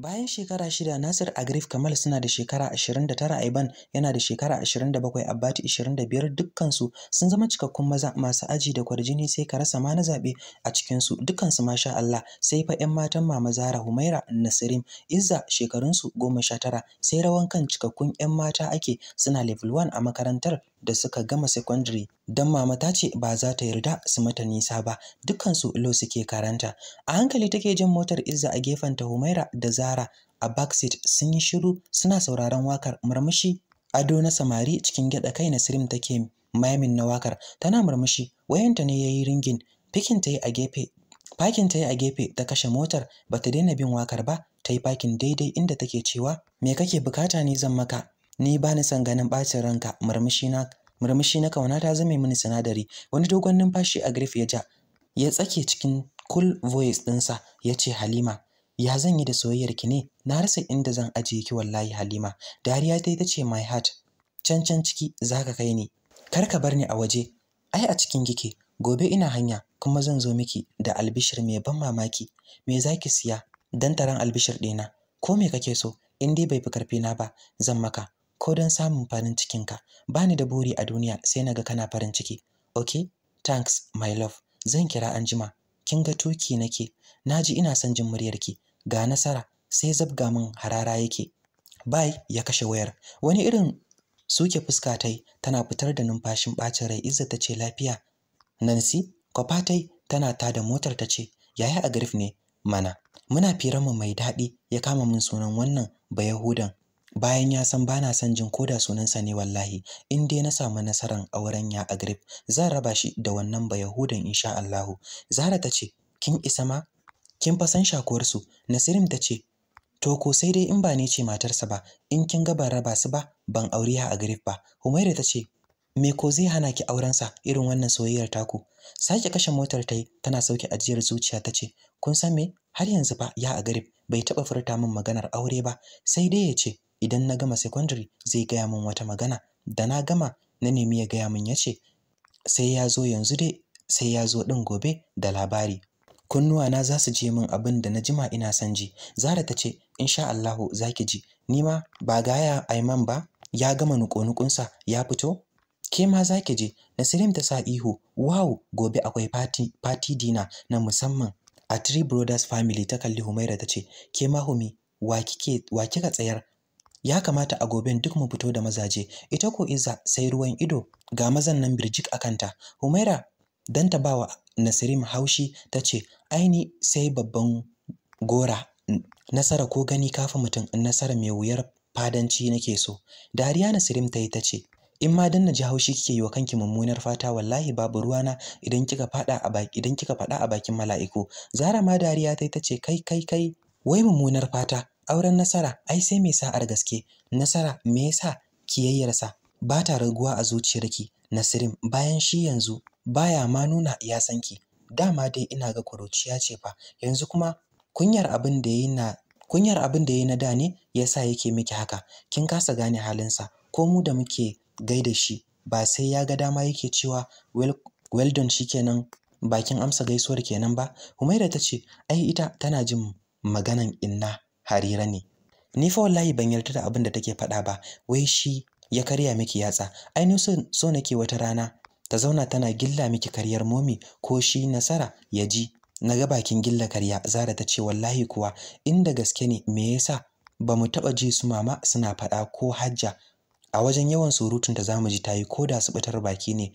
Bayan shekara shida, Nasir Agrif Kamal suna da shekara 29, Aiban yana da shekara 27, Abbati 25 dukkansu sun zama cikakkun maza masu aji da kwarjini sai ka rasa ma na zaɓe a cikinsu dukkansu masha Allah sai fa 'yan matan Mama Zara Humaira Nasirim Izza shekarunsu tara, sai rawan kan cikakkun 'yan mata ake suna level 1 a makarantar da suka gama secondary don mama ta ce ba za ta yarda su mata nisa ba dukkansu lo suke karanta a hankali take jin motar izza a gefen ta humaira da zara a backseat sun yi shiru suna sauraron wakar murmushi ado na samari cikin gyada kai na sirim take mayamin na wakar tana murmushi wayanta ne yayi ringin fikin ta yi a gefe fakin ta yi a gefe ta kashe motar bata daina bin wakar ba ta yi fakin daidai inda take cewa me kake bukata ne zan maka ni ba ni son ganin ɓacin ranka murmushi na murmushi na kauna ta zame mini sinadari wani dogon numfashi a grif ya ja ya tsake cikin cool voice ɗinsa ya ce halima ya zan yi da ki ne na rasa inda zan ajiye ki wallahi halima dariya ta ita ce my heart can can ciki zaka kai ni kar ka bar ni a waje ai a cikin gike gobe ina hanya kuma zan zo miki da albishir mai ban mamaki me zaki siya dan taron albishir ɗina ko me kake so in dai bai fi karfi na ba zan maka ko don samun farin cikinka ba ni da buri a duniya sai na ga kana farin ciki ok thanks my love zan kira anjima kin ga tuki nake na ji ina son jin muryarki ga nasara sai zabga min harara yake bai ya kashe wayar wani irin suke fuska tai tana fitar da numfashin bacin rai izza ta ce lafiya nansi kwafatai tana ta da motar ta ce yaya a garif ne mana muna firanmu mai daɗi ya kama min sunan wannan bayahudan bayan ya san bana son jin ko da sunansa ne wallahi in dai na samu nasaran auren ya grip zan raba shi da wannan bayahudan insha Allahu Zara ta ce kin isa ma kin fa san shakuwar su Nasirim ta ce to ko sai dai in ba ne ce matarsa ba in kin ga ban raba su ba ban aure ya grip ba Humaira ta ce me ko zai hana ki auren sa irin wannan soyayyar taku sake kashe motar ta yi tana sauke ajiyar zuciya ta ce kun san me har yanzu ba ya grip bai taba furta min maganar aure ba sai dai ya ce idan na gama secondary zai gaya min wata magana da na gama na nemi ya gaya min yace, sai ya zo yanzu dai sai ya zo ɗin gobe da labari kunnuwana za su je min abin da na jima ina son ji zara ta ce insha Allahu za ki ji ni ma ba gaya aiman ba ya gama nuƙunuƙunsa ya fito ke ma za ki je nasirim ta sa ihu wow gobe akwai party party dinner na musamman a three brothers family ta kalli humaira ta ce ke ma humi wa wa kika tsayar ya kamata a goben duk mu fito da mazaje ita ko iza sai ruwan ido ga mazan nan birjik a kanta Humaira dan ta bawa Nasirim haushi ta ce aini sai babban gora nasara ko gani kafa mutum nasara mai wuyar fadanci nake so dariya Nasirim ta yi ta ce in ma dan naji haushi kike yi wa kanki mummunar fata wallahi babu ruwana idan kika fada a baki idan kika fada a bakin mala'iku zara ma dariya tai tace kai kai kai wai mummunar fata auren nasara ai sai mai sa'ar gaske nasara me yasa kiyayyarsa ba ta raguwa a zuciyarki nasirim bayan shi yanzu baya ma nuna ya san ki dama dai ina ga kuruciya ce fa yanzu kuma kunyar abin da yayi na kunyar abin da yayi na da ne yasa yake miki haka kin kasa gane halinsa ko mu da muke gaida shi ba sai ya ga dama yake cewa well, well done shikenan bakin amsa gaisuwar kenan ba Humaira ta ce ai ita tana jin maganan inna harira ne ni fa wallahi ban yarda da abin da take faɗa ba wai shi ya karya miki yatsa ai ni so nake wata rana ta zauna tana gilla miki karyar momi ko shi nasara ya ji na ga bakin gilla karya zara ta ce wallahi kuwa inda gaske ne me yasa ba mu taɓa ji su mama suna faɗa ko hajja a wajen yawan surutun da zamu ji tayi ko da su bitar baki ne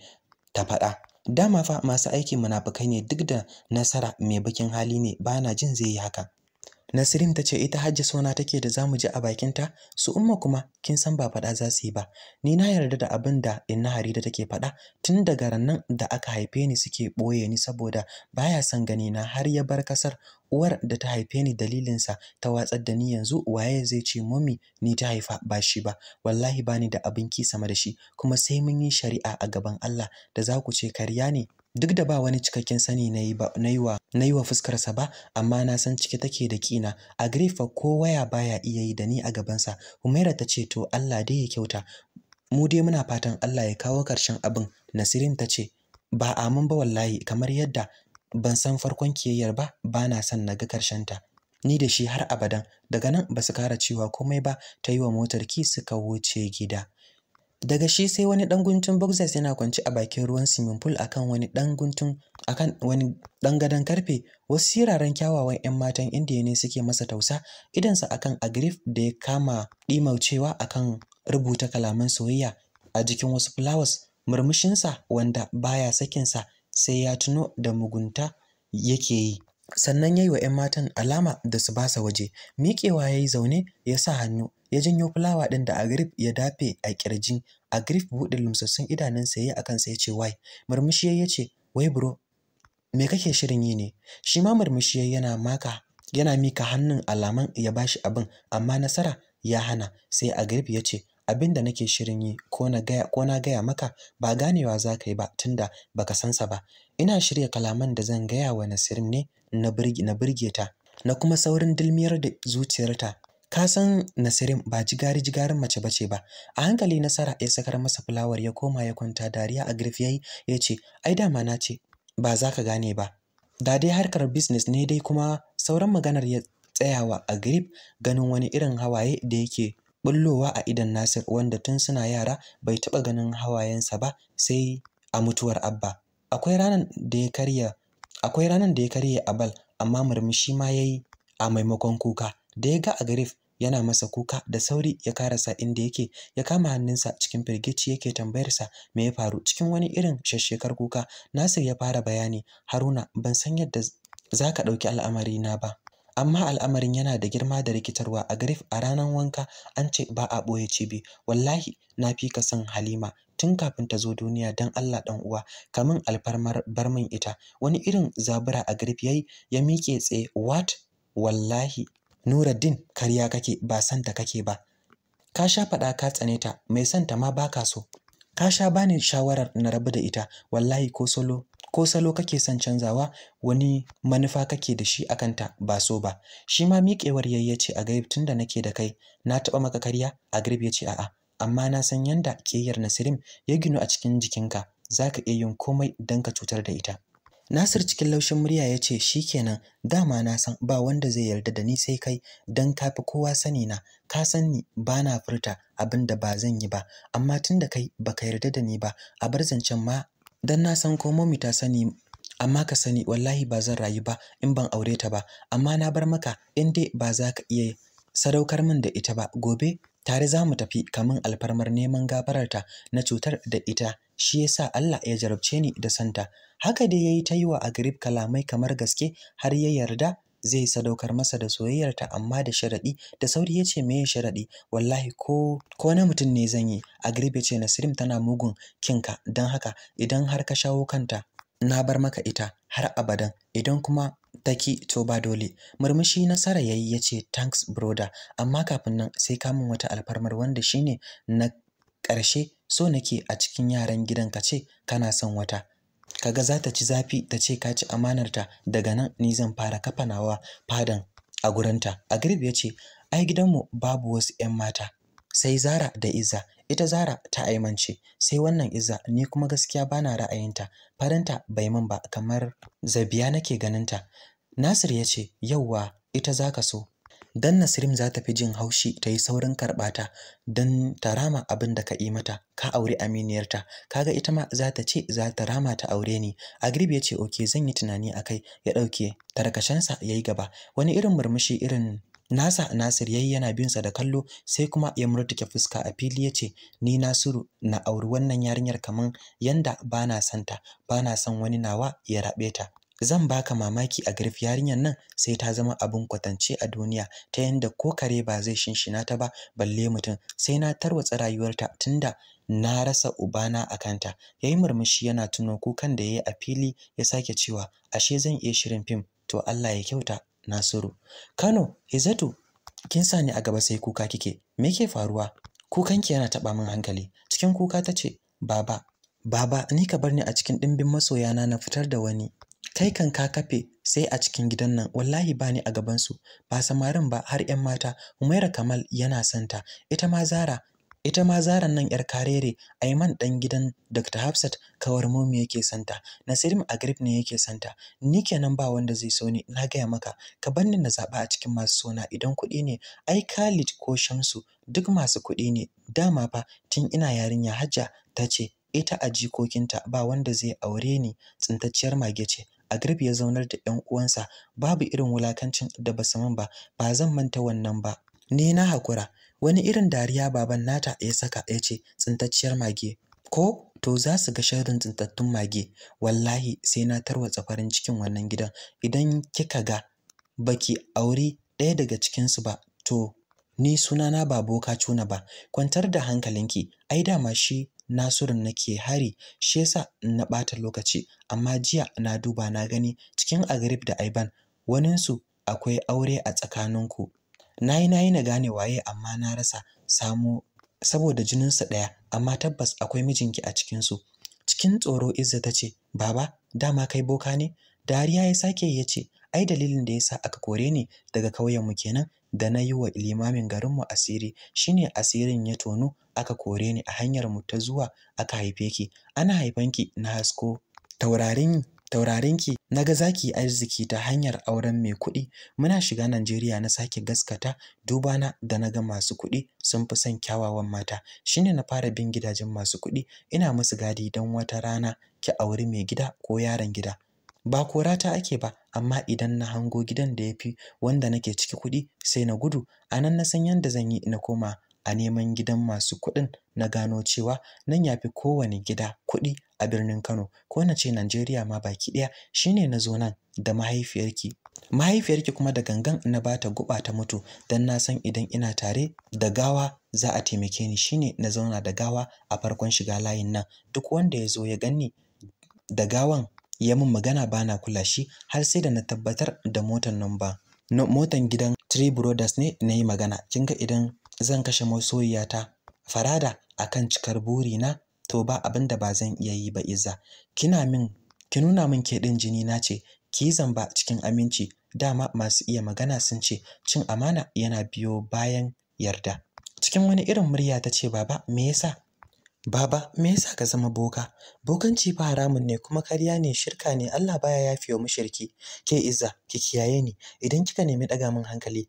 ta faɗa dama fa masu aikin munafukai ne duk da nasara mai bakin hali ne bana jin zai yi haka Nasirin ta ce ita hajji sona take da zamu ji a bakinta, su umma kuma kin san ba faɗa za su yi ba. Ni na yarda da abin da inna Harida take faɗa tun daga rannan da aka haife ni suke ɓoye ni saboda baya son gani na har ya bar kasar uwar da ta haife ni dalilinsa ta watsar da ni yanzu waye zai ce mami ni ta haifa ba shi ba wallahi bani da abin ki sama da shi kuma sai mun yi shari'a a gaban Allah da za ku ce karya ne duk da ba wani cikakken sani na yi wa fuskarsa ba amma na san cike take da kina a fa ko waya baya iya yi da ni a gabansa humaira ta ce to allah dai ya kyauta mu dai muna fatan allah ya kawo karshen abin nasirin ta ce ba a mun ba wallahi kamar yadda ban san farkon kiyayyar ba ba na son na ga ta ni da shi har abadan daga nan ba su kara cewa komai ba ta yi wa motar ki suka wuce gida daga shi sai wani ɗan guntun boxers yana kwance a bakin ruwan swimming pool akan wani ɗan guntun akan wani ɗan gadon karfe wasu siraran kyawawan 'yan matan indiya ne suke masa tausa idansa akan agrif da ya kama ɗimaucewa akan rubuta kalaman soyayya a jikin wasu flowers murmushinsa wanda baya sakinsa sai ya tuno da mugunta yake yi sannan ya yi wa 'yan matan alama da su basa waje miƙewa ya yi zaune ya sa hannu ya janyo fulawa ɗin da Agrip ya dafe a kirji Agrip buɗe lumsassun idanunsa ya yi a kansa ya ce wai murmushi ya ce wai bro me kake shirin yi ne shi ma murmushi yana maka yana mika hannun alaman ya bashi abin amma nasara ya hana sai Agrip ya ce abin da nake shirin yi ko na gaya maka ba ganewa za ka yi ba tunda ka san sa ba ina shirya kalaman da zan gaya wa Nasirin ne na birge ta na kuma saurin dilmiyar da zuciyarta ka san Nasirin ba jigari jigarin mace bace ba a hankali Nasara ya sakar masa fulawar ya koma ya kwanta dariya a girfi yayi ya ce ai dama na ce ba za ka gane ba da dai harkar business ne dai kuma sauran maganar ya tsayawa a grip ganin wani irin hawaye da yake bullowa a idan Nasir wanda tun suna yara bai taba ganin hawayensa ba sai a mutuwar Abba. Akwai ranar da ya karya akwai Abal amma murmushi ma yayi a maimakon kuka da ya ga a yana masa kuka da sauri ya karasa inda yake ya kama hannunsa cikin firgici yake tambayarsa me ya faru cikin wani irin shashshekar kuka Nasir ya fara bayani Haruna ban san yadda zaka ka ɗauki al'amari na ba amma al'amarin yana da girma da rikitarwa a garif a ranar wanka an ce ba a ɓoye cibi wallahi na fi ka san halima tun kafin ta zo duniya don allah ɗan uwa kamin alfarmar bar min ita wani irin zabura a garif yayi ya miƙe tsaye what wallahi Nuruddin karya kake ba santa kake ba ka sha faɗa ka tsane ta mai santa ma baka so ka sha bani shawarar na rabu da ita wallahi ko solo ko salo kake son canzawa wani manufa kake da shi akan ta ba so ba shi ma miƙewar yayye ce a gaib tunda nake da kai na taɓa maka karya a garib ya ce a'a amma na san yanda ƙiyayyar Nasirim ya ginu a cikin jikinka zaka iya yin komai don ka cutar da ita Nasir cikin laushin murya ya ce shi kenan dama na san ba wanda zai yarda da ni sai kai don ka fi kowa sani na ka san ni ba na furta abin da ba zan yi ba amma tun da kai baka yarda da ni ba a bar zancen ma don na san ko mami ta sani amma ka sani wallahi ba zan rayu ba in ban aure ta ba amma na bar maka in dai ba za ka iya sadaukar min da ita ba gobe tare za mu tafi kamin alfarmar neman gafararta na cutar da ita shi yasa Allah ya jarabce ni da santa haka dai yayi ta yi wa agrib kalamai kamar gaske har ya yarda zai sadaukar masa da soyayyarta amma da sharaɗi da sauri ya ce meye sharaɗi wallahi ko na mutum ne zan yi agrib ya ce nasirim tana mugun kinka don haka idan har ka shawo kanta na bar maka ita har abadan idan kuma taki to ba dole murmushi sara yayi yace thanks brother amma kafin nan sai ka min wata alfarmar wanda shine na ƙarshe so nake a cikin yaran gidan ka ce kana son wata kaga za ta ci zafi ta ce ka ci amanarta daga nan ni zan fara kafa nawa fadan a gurinta a ya ce ai gidanmu babu wasu 'yan mata sai zara da izza ita zara ta aimance sai wannan izza ni kuma gaskiya bana ra'ayinta farinta bai min ba kamar zabiya nake ganinta Nasir ya ce, "Yauwa, ita za ka so." Dan Nasirim za ta fi jin haushi ta yi saurin karɓata don ta rama abin da ka yi mata, ka aure aminiyarta, kaga ita ma za ta ce za ta rama ta aure ni. Agrib ya ce, "Oke, zan yi tunani a kai," ya ɗauke tarkashensa ya yi gaba. Wani irin murmushi irin Nasa Nasir yayi yana binsa da kallo sai kuma ya murtuke fuska a fili ya ce ni Nasiru na auri wannan yarinyar kamar yanda na santa ba na son wani nawa ya raɓe ta zan baka mamaki a garif yarinyar nan sai ta zama abin kwatance a duniya ta yanda ko kare ba zai shinshina ta ba balle mutum sai na tarwatsa rayuwarta tunda na rasa ubana a kanta yi murmushi yana tuno kukan da ya yi a fili ya sake cewa ashe zan iya shirin fim to Allah ya kyauta Nasiru Kano Izatu kin sa ni a gaba sai kuka kike me ke faruwa kukanki yana taba min hankali cikin kuka ta ce? baba baba ni ka bar ni a cikin dimbin masoyana na fitar da wani kai kan ka kafe sai a cikin gidan nan wallahi ba ni a gabansu ba samarin ba har 'yan mata umaira kamal yana santa ita ma zara ita ma zaran nan yar karere aiman dan gidan dr hafsat kawar momi yake santa nasirim agrip ne yake santa ni kenan ba wanda zai so ni na gaya maka ka banni na zaba a cikin masu sona idan kuɗi ne ai khalid ko shamsu duk masu kuɗi ne dama fa tun ina yarinya hajja ta ce ita a jikokinta ba wanda zai aure ni tsintacciyar mage ce Agrib ya zaunar da ƴan uwansa babu irin wulakancin da ba su min ba ba zan manta wannan ba ni na hakura wani irin dariya baban nata ya saka ya ce tsintacciyar mage ko to za su ga sharrin tsintattun mage wallahi sai na tarwatsa farin cikin wannan gidan idan kika ga baki auri ɗaya daga cikin su ba to ni sunana ba boka cuna ba kwantar da hankalinki ai dama shi Nasiru nake hari shi yasa na ɓata lokaci amma jiya na duba na gani cikin Agrib da Aiban waninsu akwai aure a tsakaninku. Na yi na na gane waye amma na rasa samo saboda jininsu ɗaya amma tabbas akwai mijinki a cikinsu. Cikin tsoro Izza ta ce, Baba, dama kai boka ne? Dariya ya sake ya ce, Ai dalilin da yasa aka kore ni daga ƙauyenmu kenan da na yi wa limamin garinmu asiri shine asirin ya tono. aka kore ni a hanyar mu ta zuwa aka haife ki ana haifan ki na hasko taurarin taurarinki na ga za zaki arziki ta hanyar auren mai kuɗi muna shiga Najeriya na sake gaskata dubana da na ga masu kuɗi sun fi son kyawawan mata shine na fara bin gidajen masu kuɗi ina musu gadi don wata rana ki auri mai gida ko yaron gida ba korata ake ba amma idan na hango gidan da ya fi wanda nake ciki kuɗi sai na gudu a nan na san yadda zan yi na koma a neman gidan masu kuɗin na gano cewa nan ya fi kowane gida kuɗi a birnin Kano ko na ce Najeriya ma baki ɗaya shine na zo nan da mahaifiyarki mahaifiyarki kuma da gangan na ba ta guba ta mutu don na san idan ina tare da gawa za a taimake ni shi ne na zauna da gawa a farkon shiga layin nan duk wanda ya zo ya ganni da gawan ya min magana bana kula shi har sai da na tabbatar da motan nan ba motan gidan Three Brothers ne na yi magana kin ga idan zan kashe masoyiyata farada a kan cikar burina to ba abin da ba zan iya yi ba iza kina min ki nuna min ke din jini na ce ki zamba cikin aminci dama masu iya magana sun ce cin amana yana biyo bayan yarda cikin wani irin murya ta ce baba me yasa baba me yasa ka zama boka bokanci ba haramun ne kuma kariya ne shirka ne Allah baya mu shirki ke iza ki kiyaye ni idan kika nemi daga min hankali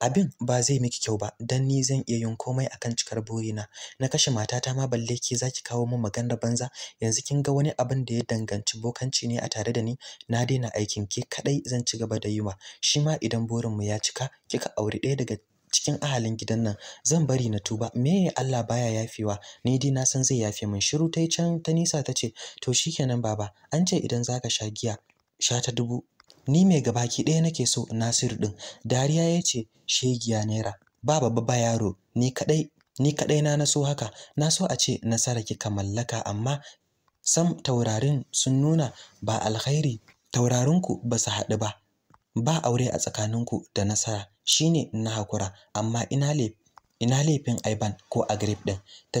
abin ba zai miki kyau ba dan ni zan iya yin komai akan cikar burina na kashe matata ma balle ki zaki kawo min maganar banza yanzu kin ga wani abin da ya danganci bokanci ne a tare da ni na daina aikin ki kaɗai zan ci gaba da yi ma shi ma idan burin mu ya cika kika auri ɗaya daga cikin ahalin gidan nan zan bari na tuba me Allah baya yafewa ni dai na san zai yafe min shiru tai can ta nisa ta ce, to shi shikenan baba an ce idan zaka sha giya sha ta dubu ni mai gabaki ɗaya nake so Nasiru ɗin. dariya ya ce shegiya naira ba babba ba yaro ni kaɗai na naso haka na so a ce nasara kika mallaka amma sam taurarin sun nuna ba alkhairi taurarinku ba su haɗu ba ba aure a tsakaninku da nasara shine na hakura amma ina le ina laifin aiban ko Agrip din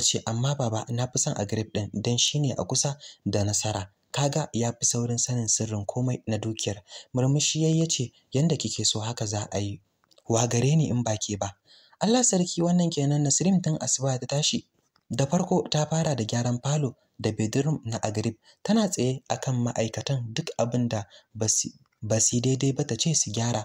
ce amma baba na fi son Agrip din dan shine a kusa da nasara kaga ya fi saurin sanin sirrin komai na dukiyar murmushi yayi yace yanda kike so haka za a yi wa gare ni in baki ba Allah sarki wannan kenan Nasrim tun asuba ta tashi da farko ta fara da gyaran falo da bedroom na agrib tana tsaye akan ma'aikatan duk abin da yi daidai ba ta ce su gyara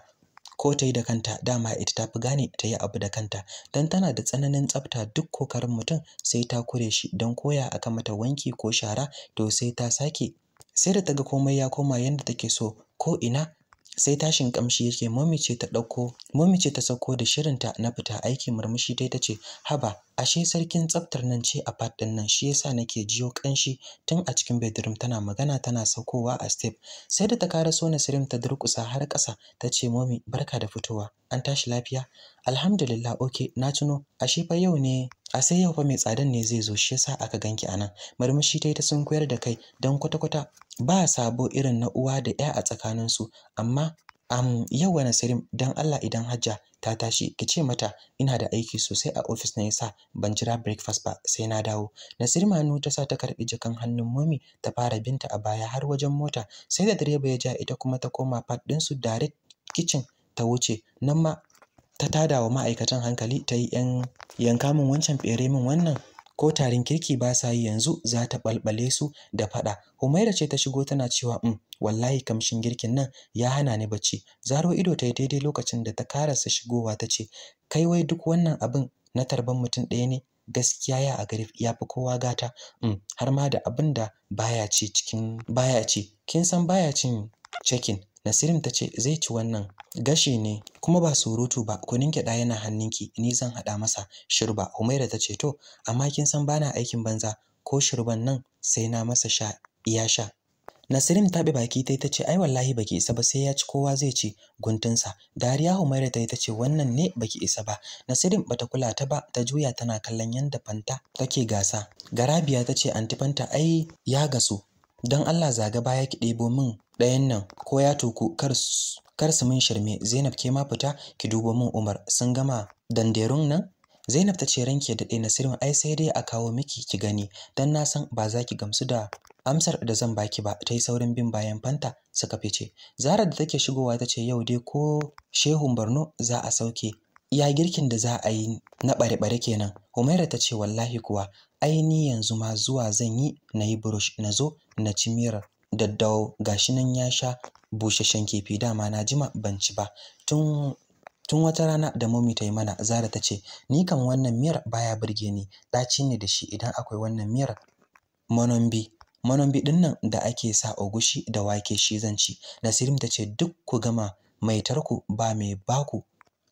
ko ta yi da kanta dama ita ta fi gane ta yi abu da kanta don tana da tsananin tsafta duk kokarin mutum sai ta kure shi don koya aka mata wanki ko shara to sai ta sake sai da ta ga komai ya koma yadda take so ko ina sai tashin kamshi yake momi ce ta dauko momi ta sauko da shirinta na fita aiki murmushi dai tace haba ashe sarkin tsaftar nan ce a fat din nan shi yasa nake jiyo kanshi tun a cikin bedroom tana magana tana saukowa a step sai da ta karaso sirim ta durkusa har ƙasa tace momi barka da fitowa an tashi lafiya alhamdulillah okay na tuno ashe fa yau ne a sai yau fa mai tsadan ne zai zo shi yasa aka ganki anan murmushi tai ta sunkuyar da kai don kwata kwata ba sabo irin na uwa da ‘ya a tsakaninsu amma yau yauwa Nasirim don Allah idan Hajja ta tashi ki ce mata ina da aiki sosai a ofis na yasa ban jira breakfast ba sai na dawo Nasirim hannu ta sa ta karbi jakan hannun momi ta fara binta a baya har wajen mota sai da direba ya ja ita kuma ta koma fat din su direct kitchen ta wuce nan ma ta tada wa ma'aikatan hankali ta yi yan yanka min wancan fere min wannan ko tarin kirki ba sa yi yanzu za ta ɓalɓale su da faɗa humaira ce ta shigo tana cewa um wallahi kamshin girkin nan ya hana ni bacci zaro ido ta yi daidai lokacin da ta karasa shigowa ta ce kai wai duk wannan abin na tarban mutum ɗaya ne gaskiya ya a garif ya fi kowa gata um har ma da abin da baya ci cikin baya ci kin san baya cin cekin Nasirin ta ce zai ci wannan gashi ne kuma ba surutu ba kunin gyaɗa yana hannunki ni zan haɗa masa shirba Humaira ta ce to amma kin san bana aikin banza ko shirban nan sai na masa sha iya sha Nasirin ta bi baki tai ta ce ai wallahi baki isa ba sai ya ci kowa zai ci guntunsa. Dariya Humaira tai ta ce wannan ne baki isa ba. Nasirin bata kula ta ba ta juya tana kallon yanda Fanta take gasa. Garabiya ta ce anti Fanta ai ya gasu don Allah zaga baya ki ɗebo min ɗayan nan ko ya tuku kar su min shirme Zainab ke ma fita ki dubo min Umar sun gama danderun nan Zainab ta ce ranki da daɗe Nasirin ai sai dai a kawo miki ki gani dan na san ba za ki gamsu da amsar da zan baki ba ta yi saurin bin bayan fanta suka fice Zara da take shigowa ta ce yau dai ko Shehun barno za a sauke ya girkin da za a yi na ɓare bare kenan Humaira ta ce wallahi kuwa ai ni yanzu ma zuwa zan yi na yi brush na zo na ci miyar daddawo shi nan ya sha busasshen kifi dama na jima ban ci ba tun tun wata rana da mummy ta yi mana zara ta ce ni kam wannan miyar baya burge ni ɗaci ne da shi idan akwai wannan miyar manombi manombi din nan da ake sa ogushi da wake shi zan ci nasirim ta ce duk ku gama mai tarku ba mai baku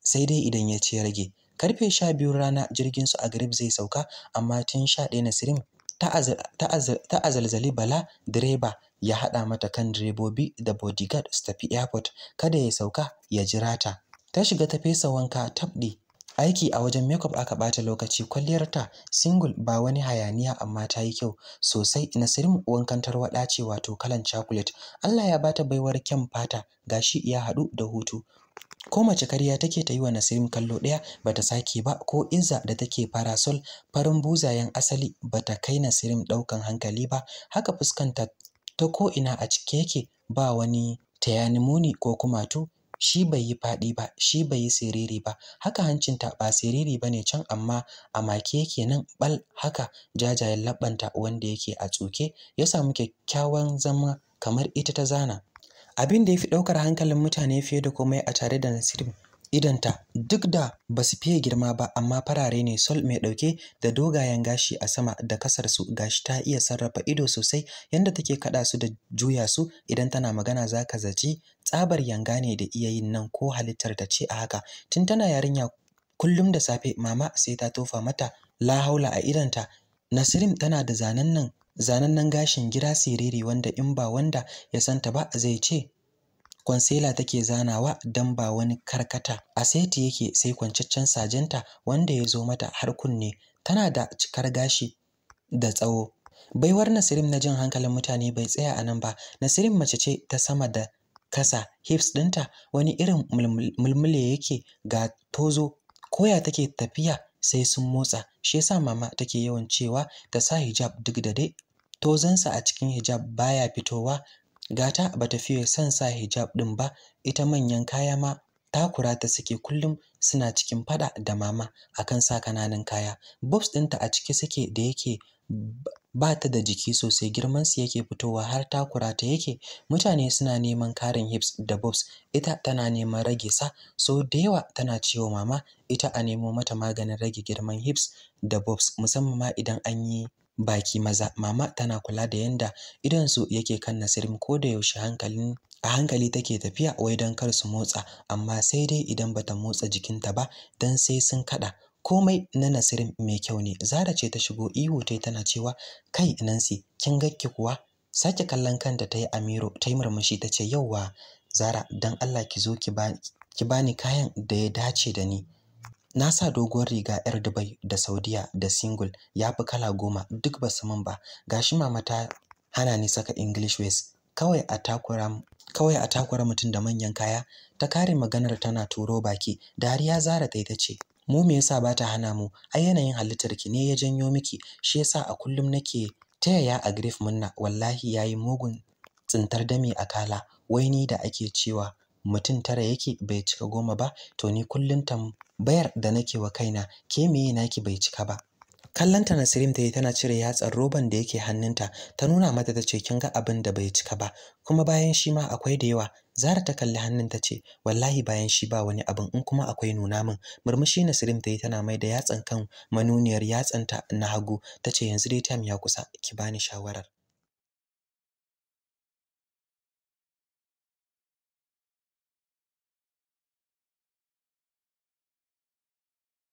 sai dai idan ya ce rage Karfe sha biyun rana jirgin su a Garib zai sauka amma tun sha ɗaya Nasirim ta azalzali Bala direba ya haɗa mata kan direbobi da bodyguard su tafi airport kada ya sauka ya jira ta. Ta shiga ta fesa wanka tabɗi aiki a wajen makeup aka bata lokaci kwalliyar ta single ba wani hayaniya amma ta yi kyau sosai na nasirim wankan tarwaɗa ce wato kalan chocolate Allah ya bata baiwar kyan fata gashi ya haɗu da hutu ko mace karya take ta yi wa nasirin kallo ɗaya ta sake ba ko Izza da take parasol farin buzayen asali ba ta kai nasirin ɗaukan hankali ba haka fuskanta ta ko ina a cike yake ba wani tayani muni ko kumatu shi bai yi faɗi ba shi bai yi siriri ba haka hancinta ba siriri ba ne can amma a make yake nan ɓal haka jajayen labanta wanda yake a tsuke ya samu kyakkyawan zama kamar ita ta zana abin da ya fi ɗaukar hankalin mutane fiye da komai a tare da nasirin idanta duk da ba su fiye girma ba amma farare ne sol mai ɗauke da dogayen gashi a sama da kasar su gashi ta iya sarrafa ido sosai yadda take kaɗa su da juya su idan tana magana za ka zaci tsabar yanga ne da iya yin nan ko halittar ta ce a haka tun tana yarinya kullum da safe mama sai ta tofa mata la a idanta nasirim tana da zanen nan gashin gida siriri wanda in ba wanda ya santa ba zai ce kwansela take zanawa don ba wani karkata a seti yake sai kwanciccen sajenta wanda ya zo mata har kunne tana da cikar gashi da tsawo baiwar Nasirim na jin hankalin mutane bai tsaya a nan ba Nasirim mace ce ta sama da kasa hips ɗinta wani irin mulmule yake ga tozo koya take tafiya sai sun motsa shi yasa mama take yawan cewa ta sa hijab duk da dai tozansa a cikin hijab baya fitowa gata bata fiye son sa hijab din ba ita manyan kaya ma takura ta suke kullum suna cikin fada da mama akan sa kananan kaya bobs dinta a ciki suke da yake ba ta da jiki sosai girmansu yake fitowa har takura ta yake mutane suna neman karin hips da bobs ita tana neman rage sa so da yawa tana ciwo mama ita a nemo mata maganin rage girman hips da bobs musamman ma idan an yi baki maza mama tana kula da yanda idansu yake kan nasirim ko da yaushe hankalin a hankali take tafiya wai don kar su motsa amma sai dai idan bata motsa jikinta ba dan sai sun kada komai na Nasirin mai kyau ne Zara ce ta shigo ihu tai tana cewa kai Nancy kin gakki kuwa sake kallon kanta tayi Amiro tayi murmushi tace yauwa Zara don Allah ki zo ki ba ni bani kayan da ya dace da ni na sa doguwar riga yar Dubai da Saudiya da single ya fi kala goma duk ba su min ba gashi mama ta hana ni saka English waist kawai a takura mutum da manyan kaya ta kare maganar tana turo baki dariya Zara ta ce. mu me yasa ba ta hana mu ai yanayin halittar ki ne ya janyo miki shi yasa a kullum nake taya ya a grief munna wallahi yayi mugun tsintar dami a kala wai ni da ake cewa mutum tara yake bai cika goma ba to ni kullum tambayar da nake wa kaina ke meye naki bai cika ba kallanta nasirim ta yi tana cire yatsar roban da yake hannunta ta nuna mata ta ce kin ga abin da bai cika ba kuma bayan shi ma akwai da yawa Zara ta kalli hannun ta ce wallahi bayan shi ba wani abin in kuma akwai nuna min murmushi nasirim ta yi tana mai da yatsan kan manuniyar yatsanta na hagu ta ce yanzu dai time ya kusa ki bani shawarar